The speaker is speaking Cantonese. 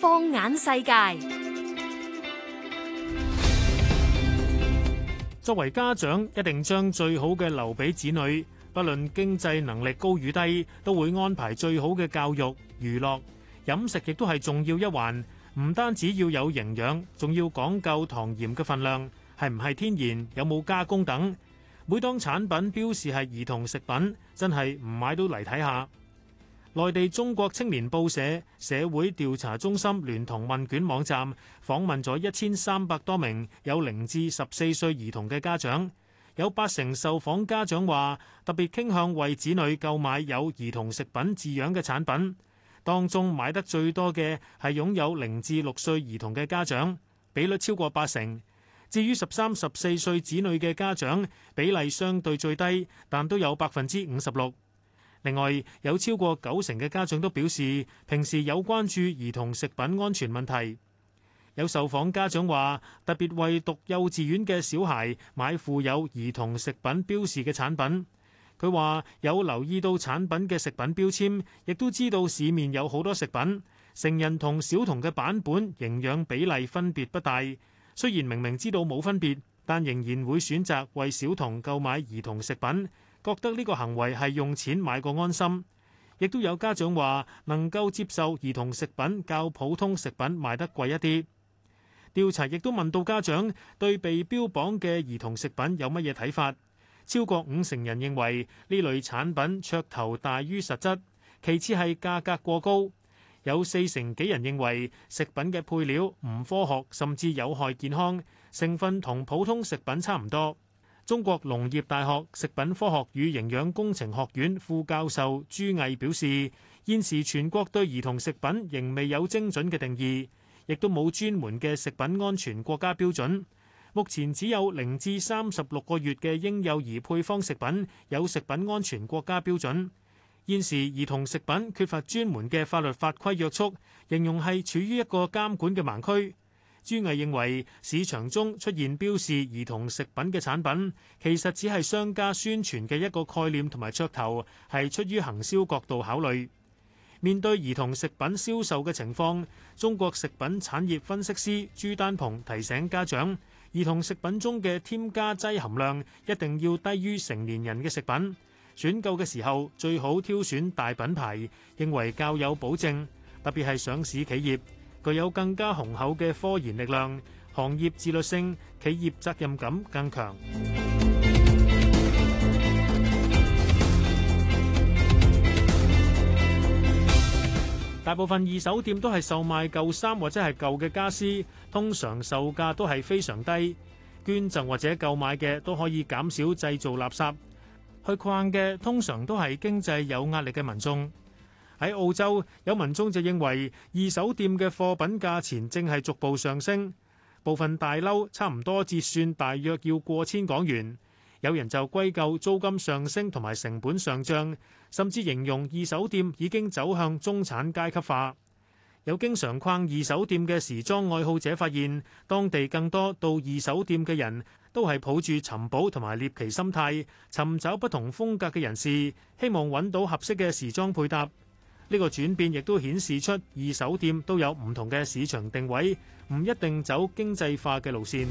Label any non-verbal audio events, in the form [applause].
放眼世界，作為家長一定將最好嘅留俾子女，不論經濟能力高與低，都會安排最好嘅教育、娛樂、飲食，亦都係重要一環。唔單止要有營養，仲要講究糖鹽嘅份量，係唔係天然，有冇加工等。每當產品標示係兒童食品，真係唔買都嚟睇下。內地中國青年報社社會調查中心聯同問卷網站訪問咗一千三百多名有零至十四歲兒童嘅家長，有八成受訪家長話特別傾向為子女購買有兒童食品字樣嘅產品。當中買得最多嘅係擁有零至六歲兒童嘅家長，比率超過八成。至於十三、十四歲子女嘅家長，比例相對最低，但都有百分之五十六。另外，有超過九成嘅家長都表示，平時有關注兒童食品安全問題。有受訪家長話，特別為讀幼稚園嘅小孩買附有兒童食品標示嘅產品。佢話有留意到產品嘅食品標籤，亦都知道市面有好多食品，成人同小童嘅版本營養比例分別不大，雖然明明知道冇分別，但仍然會選擇為小童購買兒童食品。覺得呢個行為係用錢買個安心，亦都有家長話能夠接受兒童食品較普通食品賣得貴一啲。調查亦都問到家長對被標榜嘅兒童食品有乜嘢睇法，超過五成人認為呢類產品噱頭大於實質，其次係價格過高，有四成幾人認為食品嘅配料唔科學，甚至有害健康，成分同普通食品差唔多。中國農業大學食品科學與營養工程學院副教授朱毅表示，現時全國對兒童食品仍未有精準嘅定義，亦都冇專門嘅食品安全國家標準。目前只有零至三十六個月嘅嬰幼兒配方食品有食品安全國家標準。現時兒童食品缺乏專門嘅法律法規約束，形容係處於一個監管嘅盲區。朱毅認為，市場中出現標示兒童食品嘅產品，其實只係商家宣傳嘅一個概念同埋噱頭，係出於行銷角度考慮。面對兒童食品銷售嘅情況，中國食品產業分析師朱丹蓬提醒家長，兒童食品中嘅添加劑含量一定要低於成年人嘅食品。選購嘅時候最好挑選大品牌，認為較有保證，特別係上市企業。具有更加雄厚嘅科研力量，行業自律性、企業責任感更強。 [music] 大部分二手店都係售賣舊衫或者係舊嘅家私，通常售價都係非常低。捐贈或者購買嘅都可以減少製造垃圾。去逛嘅通常都係經濟有壓力嘅民眾。喺澳洲，有民眾就認為二手店嘅貨品價錢正係逐步上升，部分大褸差唔多折算大約要過千港元。有人就歸咎租金上升同埋成本上漲，甚至形容二手店已經走向中產階級化。有經常逛二手店嘅時裝愛好者發現，當地更多到二手店嘅人都係抱住尋寶同埋獵奇心態，尋找不同風格嘅人士，希望揾到合適嘅時裝配搭。呢個轉變亦都顯示出二手店都有唔同嘅市場定位，唔一定走經濟化嘅路線。